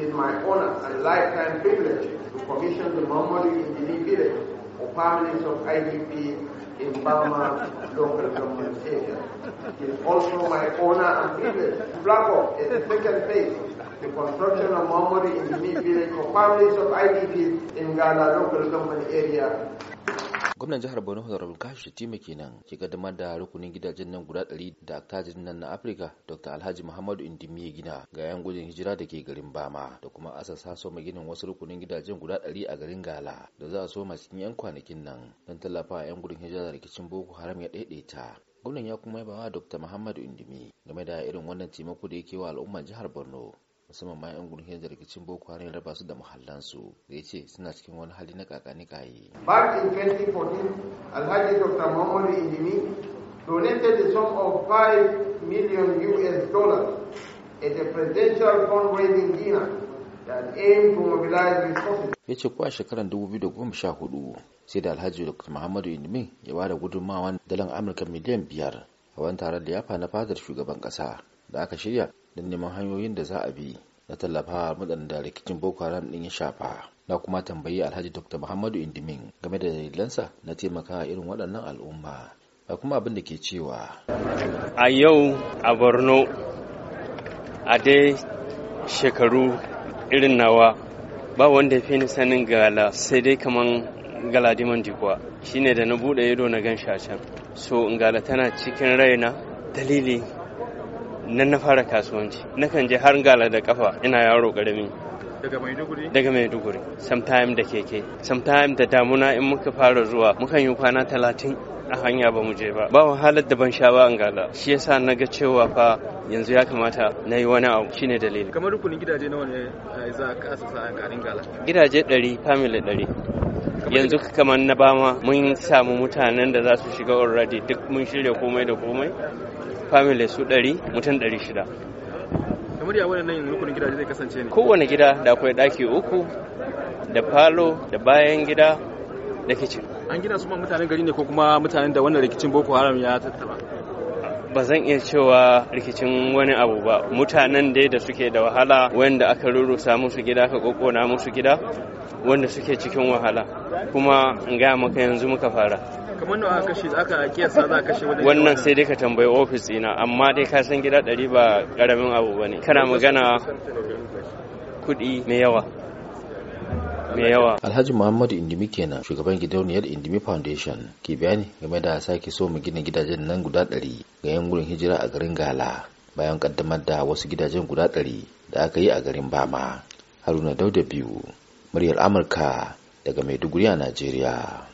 is my honor and lifetime privilege to commission the Mamadou Engineering Village for families of IDP in Burma local government area. It is also my honor and privilege to flag the second phase the construction of Mamadou Engineering Village for families of IDP in Ghana local government area gwamnan jihar borno honorable kashi shatima kenan ke kaddamar da rukunin gidajen nan guda ɗari da aktajin nan na afirka dr alhaji muhammadu indimi ya gina ga yan gudun hijira da ke garin bama da kuma asa sa mai ginin wasu rukunin gidajen guda ɗari a garin gala da za a soma cikin yan kwanakin nan don tallafa yan gudun hijira da rikicin boko haram ya ɗaiɗaita gwamnan ya kuma yaba wa dr muhammadu indimi game da irin wannan taimako da yake wa al'ummar jihar borno musamman ma 'yan gudun da rikicin boko haram ya raba su da muhallansu da ya ce suna cikin wani hali na kakani kayi back in 2014 alhaji dr muhammadu indimi donated the sum of 5 million us dollars at a presidential fundraising dinner that aimed to mobilize resources ya ce ko a shekarar 2014 sai da alhaji dr muhammadu indimi ya ba da gudunmawan dalar amurka miliyan biyar a wani taron liyafa na fadar shugaban kasa da aka shirya don neman hanyoyin da za a bi na tallafa wa tallafawa da rikicin boko haram din ya shafa na kuma tambayi alhaji dr muhammadu indimin game da dalilansa na taimakawa irin waɗannan al'umma da kuma abin da ke cewa a yau a borno a dai shekaru irin nawa ba wanda ya fi ni sanin gala sai dai kaman galadiman dikwa shine da na buɗe ido na gan shashen so in gala tana cikin raina dalili nan na fara kasuwanci nakan je har gala da kafa ina yaro karami daga maiduguri daga maiduguri sometime da keke sometime da damuna in muka fara zuwa mukan yi kwana talatin a hanya ba mu je ba ba wahalar da ban sha ba an gala shi yasa na ga cewa fa yanzu ya kamata na yi wani abu shine dalili kamar rukunin gidaje nawa ne eh, za ka kasa sa a garin gala gidaje 100 family 100 yanzu kamar na bama mun samu mutanen da za su shiga already duk mun shirya komai da komai family su ɗari mutum ɗari shida kamar yawon nan yin rukunin gidaje zai kasance ne kowane gida da akwai ɗaki uku da falo da bayan gida da kicin an gina su ma mutanen gari ne ko kuma mutanen da wannan rikicin boko haram ya tattaba ba zan iya cewa rikicin wani abu ba mutanen dai da suke da wahala wanda aka rurrusa musu gida aka kokona musu gida wanda suke cikin wahala kuma in gaya maka yanzu muka fara wannan sai dai ka tambayi ofis ɗina amma dai ka san gida ɗari ba karamin abu bane kana magana kuɗi mai yawa me yawa alhaji muhammadu indimi kenan shugaban gidauniyar indimi foundation ke bayani game da sake so mu gina gidajen nan guda ɗari ga yan gurin hijira a garin gala bayan kaddamar da wasu gidajen guda ɗari da aka yi a garin bama haruna dauda biyu muryar amurka daga maiduguri a najeriya